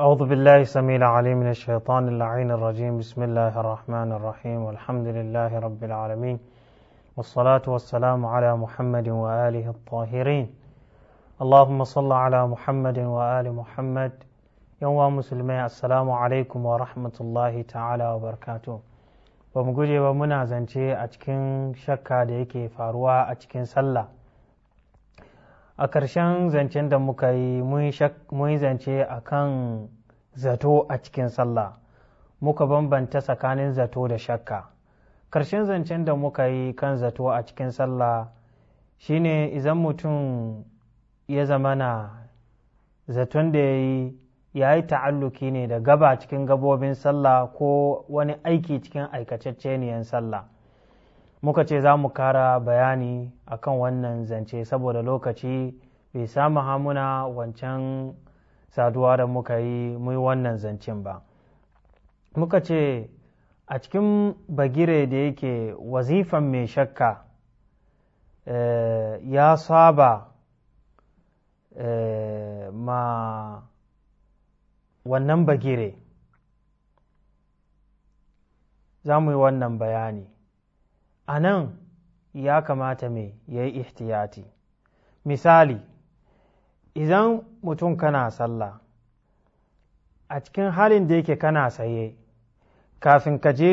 أعوذ بالله السميع العليم من الشيطان اللعين الرجيم بسم الله الرحمن الرحيم والحمد لله رب العالمين والصلاة والسلام على محمد وآله الطاهرين اللهم صل على محمد وآل محمد يوم مسلمي السلام عليكم ورحمة الله تعالى وبركاته ومقولي ومنا زنتي أتكن شكا ديكي فاروا أتكن سلّى a ƙarshen zancen da muka yi mun yi zance a kan zato a cikin sallah muka bambanta tsakanin zato da shakka ƙarshen zancen da muka yi kan zato a cikin sallah shine idan mutum ya zamana zaton da ya yi ya yi ta'alluki ne da gaba cikin gabobin sallah ko wani aiki cikin aikaceceniyan sallah muka ce za mu kara bayani akan wannan zance saboda lokaci bai samu hamuna wancan saduwa da muka yi muyi wannan zancen ba muka ce a cikin bagire da yake wazifan mai shakka eh, ya saba eh, ma wannan bagire za mu yi wannan bayani a nan ya kamata mai ya yi ihtiyati misali idan mutum kana sallah a cikin halin da yake kana saye kafin ka je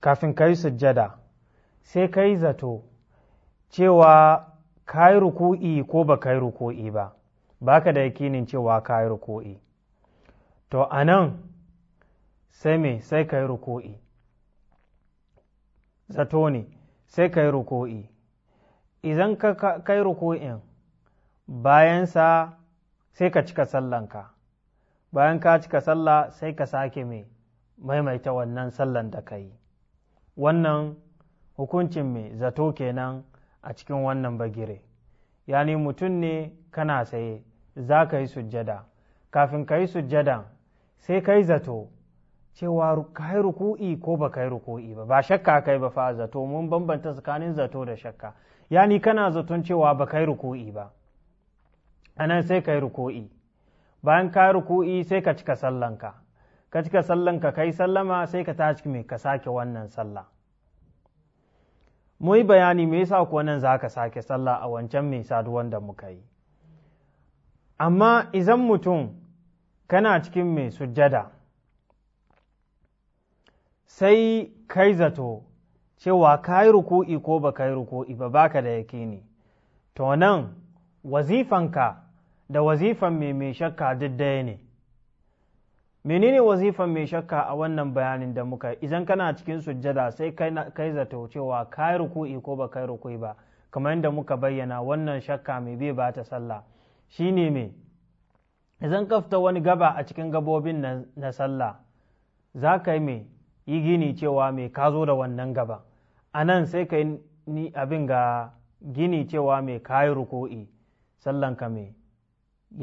kafin ka yi sujjada sai ka yi zato cewa ka yi ruku'i ko ba ka yi ruku'i ba ba ka da yakinin cewa ka yi ruku'i to a nan sai me sai ka yi ruku'i zato ne sai ka yi ruko'i, idan ka kai ruko'in bayansa sai ka cika sallanka bayan ka cika sallah sai ka sake mai maimaita wannan sallan da ka yi wannan hukuncin mai zato kenan a cikin wannan bagire yani mutum ne kana saye za ka yi sujjada kafin ka yi sujjada sai ka yi zato cewa ka yi ruku'i ko ba ka ruku'i ba ba shakka kai ba fa zato mun bambanta tsakanin zato da shakka yani kana zaton cewa ba ka ruku'i ba anan sai ka yi ruku'i bayan ka yi ruku'i sai ka cika sallanka ka cika sallanka ka yi sallama sai ka tashi mai ka sake wannan sallah mu yi bayani me yasa kuwa nan za ka sake sallah a wancan mai saduwan da muka yi amma idan mutum kana cikin mai sujjada sai kai zato cewa ka yi ruku'i ko ba ka yi ruku'i ba baka da yakini to nan wazifanka da wazifan mai mai shakka duk daya ne menene wazifan mai shakka a wannan bayanin da muka idan kana cikin sujjada sai kai zato cewa ka yi ruku'i ko ba ka yi ruku'i ba kamar yadda muka bayyana wannan shakka mai bai ba ta sallah ne me idan kafta wani gaba a cikin gabobin na sallah za ka yi me yi gini cewa mai ka zo da wannan gaba a nan sai ka ni abin ga gini cewa mai kayi ruko'i sallanka mai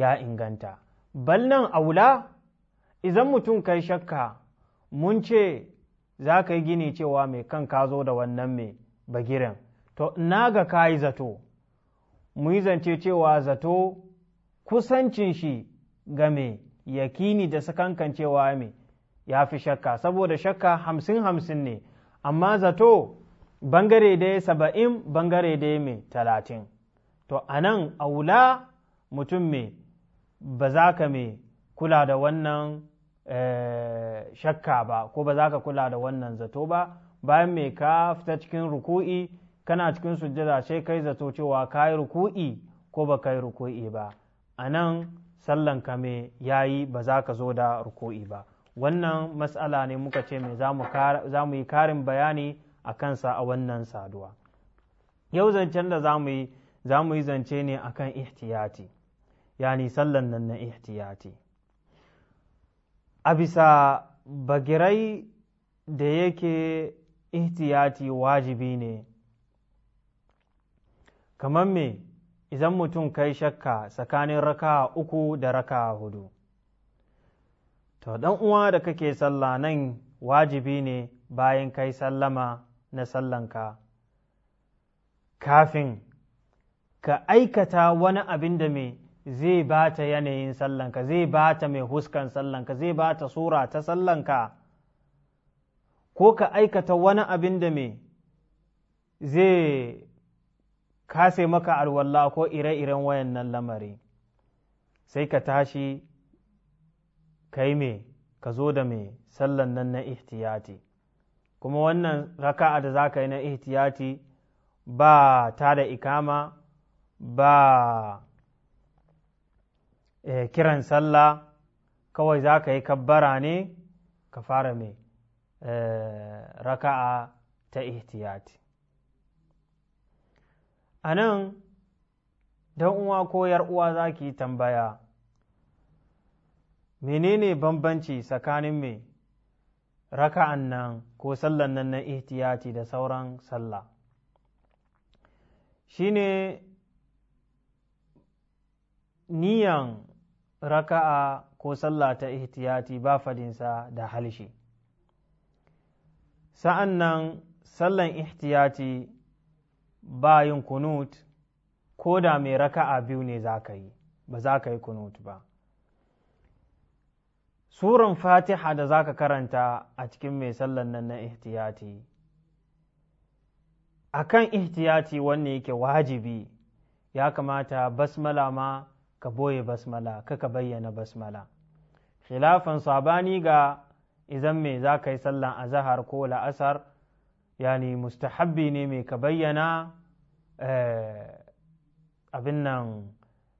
ya inganta bal nan aula idan mutum kai shakka mun ce za ka yi gini cewa mai kan ka zo da wannan mai bagiren to na ga ka yi zato mu yi zance cewa zato kusancin shi ga mai yakini da sakankan cewa mai ya fi shakka saboda shakka hamsin hamsin ne amma zato bangare da saba'in bangare da mai talatin to a nan aula mutum mai ba za ka mai kula da wannan eh, shakka ba ko ba za ka kula da wannan zato ba bayan mai ka fita cikin ruku'i kana cikin sujjada sai kai zato cewa ka yi ruku'i ko ba ka yi ruku'i ba a nan sallanka mai yayi ba za ka zo da ruku'i ba wannan matsala ne muka ce mai za mu yi karin bayani a kansa a wannan saduwa yau zancen da za mu yi zance ne a kan ihtiyati yani sallan nan na ihtiyati a bisa bagirai da yake ihtiyati wajibi ne kamar me idan mutum kai shakka tsakanin raka uku da raka hudu to ɗan uwa da kake sallah nan wajibi ne bayan kai sallama na sallanka kafin ka aikata wani abin da mai zai ba ta yanayin sallanka zai ba ta mai huskan sallanka zai ba ta sura ta sallanka ko ka aikata wani abin da mai zai kase maka alwala ko ire-iren wayannan lamari sai ka tashi kai me ka zo da me sallan nan na ihtiyati kuma wannan raka'a da za ka yi na ihtiyati ba ta da ikama ba eh, kiran sallah kawai za ka yi kabbara ne ka fara mai eh, raka'a ta ihtiyati a dan uwa ko yar uwa za tambaya menene bambanci tsakanin mai raka'an nan ko sallan nan na ihtiyati da sauran sallah shine niyan raka'a ko sallah ta ihtiyati ba fadinsa da halshi sa'an nan sallan ihtiyati ba yin kunut ko da mai raka'a biyu ne za yi ba za ka yi kunut ba suran fatiha da za ka karanta a cikin mai sallan nan na ihtiyati a kan ihtiyati wanne yake wajibi ya kamata basmala ma ka boye basmala ka ka bayyana basmala khilafan sabani ga izan mai za ka yi sallan azahar ko la'asar yani mustahabbi ne mai ka bayyana eh, abin nan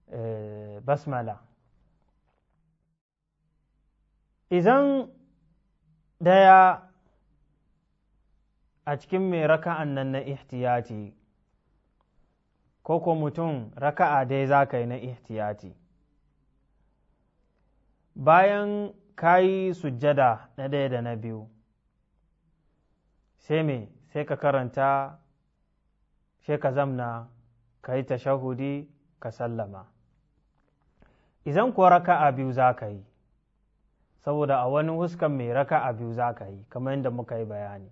eh, basmala idan daya a cikin mai raka'an nan na ihtiyati ko ko mutum raka'a dai za ka yi na ihtiyati bayan ka yi sujjada na ɗaya da na biyu sai me sai ka karanta sai ka zamna ka yi ta shahudi ka sallama idan kuwa raka'a biyu za ka yi saboda a wani huskan mai raka'a biyu za ka yi kamar yadda muka yi bayani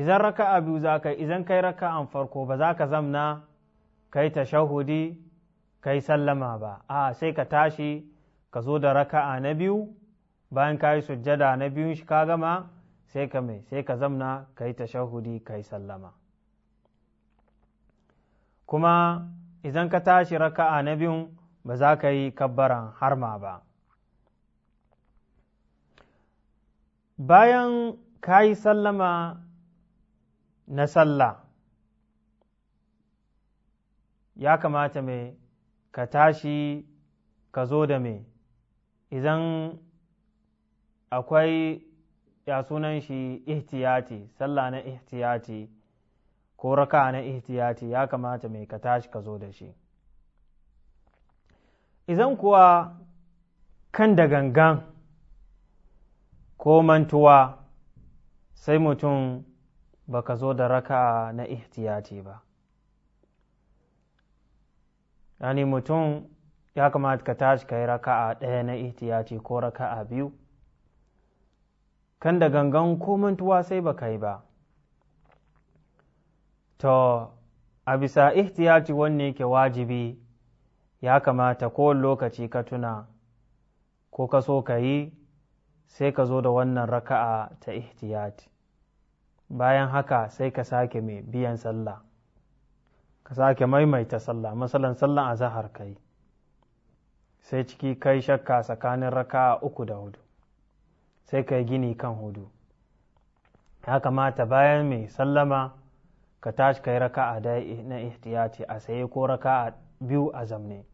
idan raka'a biyu za ka yi idan kai raka'an farko ba za ka zamna kai tashahudi kai sallama ba a sai ka tashi ka zo da raka'a na biyu bayan ka yi sujjada na biyun shi ka gama sai ka mai sai ka zamna ka yi tashahudi ka yi sallama kuma idan ka tashi raka'a na biyun ba za ka yi kabbaran harma ba bayan ka yi sallama na sallah ya kamata mai ka tashi ka zo da mai idan akwai ya sunan shi ihtiyati sallah na ihtiyati ko raka na ihtiyati ya kamata mai ka tashi ka zo da shi idan kuwa kan da gangan ko mantuwa sai mutum baka zo da raka'a na ihtiyati ba yani mutum ya kamata ka tashi ka yi raka'a ɗaya na ihtiyati ko raka'a biyu kan da gangan ko mantuwa sai baka yi ba to a bisa ihtiyati wanne ke wajibi ya kamata ko lokaci ka tuna ko ka so ka yi sai ka zo da wannan raka'a ta ihtiyati bayan haka sai ka sake mai biyan sallah ka sake maimaita sallah masalan sallan zahar kai sai ciki kai shakka tsakanin raka'a uku da hudu sai ka gini kan hudu ya kamata bayan mai sallama ka tashi kai raka'a da na ihtiyati a saye ko raka'a biyu a zamne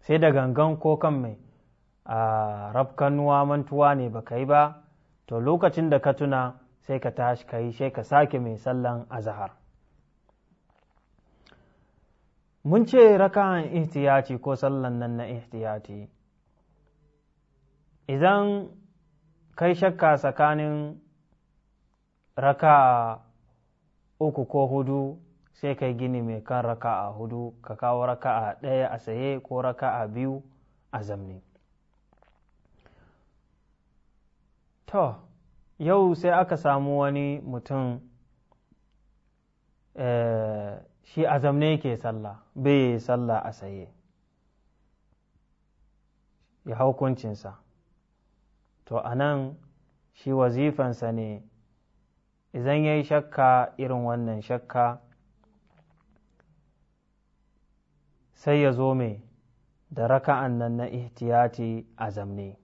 sai da gangan ko kan mai a rafkanuwa mantuwa ne baka yi ba to lokacin da ka tuna sai ka tashi ka yi sai ka sake mai sallan azahar mun ce raka'an ihtiyaci ko sallan nan na ihtiyaci idan kai shakka tsakanin raka'a uku ko hudu sai kai gini mai kan raka'a hudu ka kawo raka'a ɗaya a saye ko raka'a biyu a zamne. to yau sai aka samu wani mutum eh, shi azamne ke sallah bai yi sallah a saye ya hukuncinsa to a nan shi wazifansa ne zan ya yi shakka irin wannan shakka sai ya zo mai da raka'an nan na ihtiyati zamne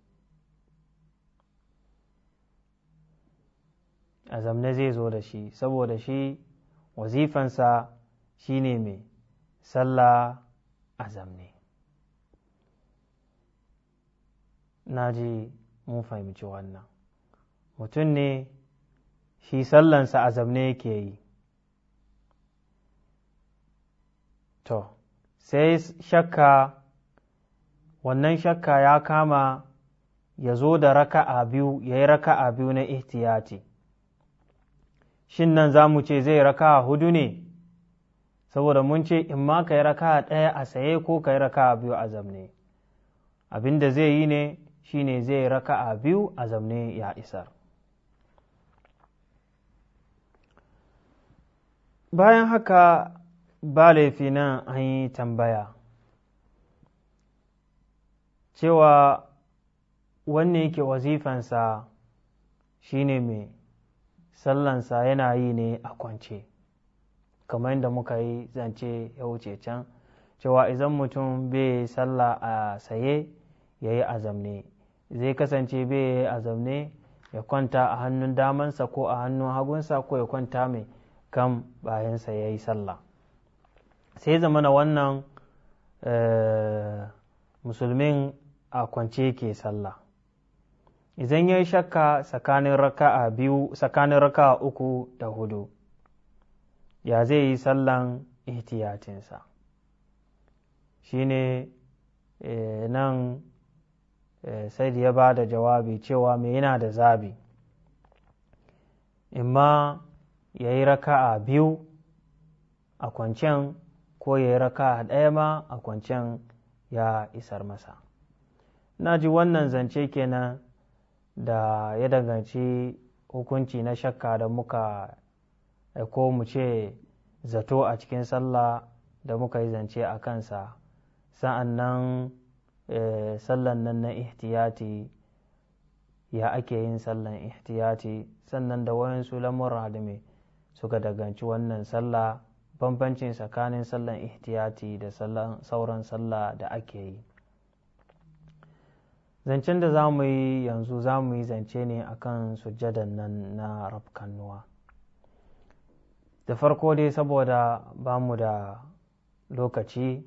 a zamne zai zo da shi saboda shi wazifansa shi ne mai sallah a zamne na ji mun fahimci wannan mutum ne shi sallansa a zamne yake yi to sai shakka wannan shakka ya kama ya zo da raka'a biyu ya yi raka'a biyu na ihtiyati shin nan za mu ce zai raka hudu ne saboda mun ce in ma ka yi raka ɗaya a saye ko ka yi raka biyu a zamne abin da zai yi ne shine zai raka a biyu a zamne ya isar bayan haka ba laifi nan an yi tambaya cewa wanne yake wazifansa shine mai sallansa yana yi ne a kwance kamar yadda muka yi zance ya wuce can cewa idan mutum bai salla a saye ya yi azamne zai kasance bai yi azamne ya kwanta a hannun damansa ko a hannun hagunsa ko ya kwanta mai kan bayansa ya yi salla sai zama na wannan eh, musulmin a kwance ke salla. idan ya yi shakka tsakanin raka'a biyu tsakanin raka'a uku da hudu ya zai yi sallan ihtiyatinsa shi ne eh, nan eh, sai da ya ba da jawabi cewa mai yana da zabi imma ya yi raka'a biyu a kwancen ko ya yi raka'a ɗaya ma a kwancen ya isar masa na ji wannan zance kenan da ya danganci hukunci na shakka da muka ko mu ce zato a cikin sallah da muka yi zance a kansa sa'an nan eh, sallan nan na ihtiyati ya ake yin sallan ihtiyati sannan da wayansu lamurra da me suka daganci wannan sallah bambancin tsakanin sallan ihtiyati da sauran sallah da ake yi zancen da za mu yi yanzu za mu yi zance ne akan sujjadan nan na rafkannuwa da farko dai saboda ba mu da lokaci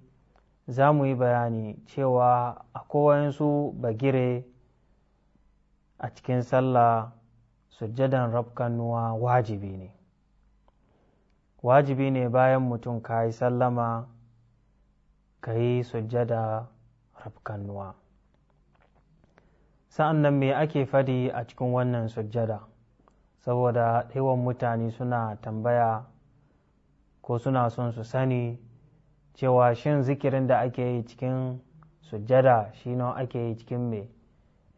za mu yi bayani cewa akwai su bagire a cikin sallah sujjadan rafkannuwa wajibi ne wajibi ne bayan mutum ka yi sallama ka yi sujjada rafkannuwa sa'an nan me ake fadi a cikin wannan sujjada saboda yawan mutane suna tambaya ko suna son su sani cewa shin zikirin da ake yi cikin sujjada shi nan ake yi cikin mai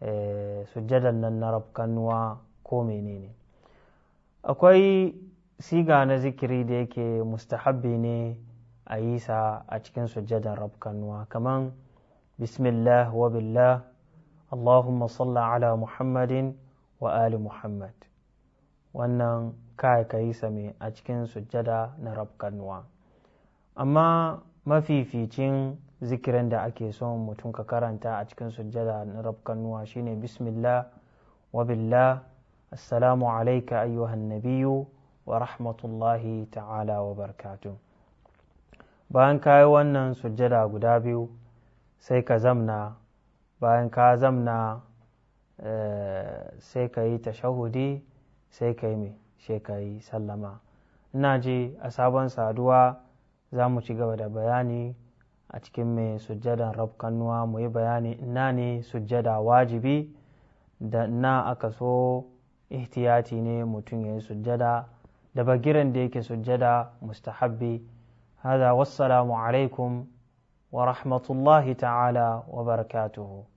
eh, sujjadan nan na rafkanuwa ko menene akwai siga na zikiri da yake mustahabbi ne a yi sa a cikin sujjadan rafkanuwa kamar bismillah wa billah Allahumma صل ala Muhammadin wa ali Muhammad wannan kai ka yi same a cikin sujjada na rabkanuwa amma mafificin zikirin da ake son mutum ka karanta a cikin sujjada na rabkanuwa shine bismillah wa billah assalamu alaika ayyuhan nabiyyu wa rahmatullahi ta'ala wa barkatu bayan kai wannan sujjada guda biyu sai ka zamna bayan ka zamna eh, sai ka yi tashahudi sai ka yi sai sallama ina ji a sabon saduwa za mu ci gaba da bayani a cikin mai sujjadan rabkannuwa mu yi bayani ina ne sujjada wajibi da na aka so ihtiyati ne mutum ya yi sujjada da bagiran da yake sujjada mustahabbi hada wassalamu alaikum wa rahmatullahi ta'ala wa barakatuhu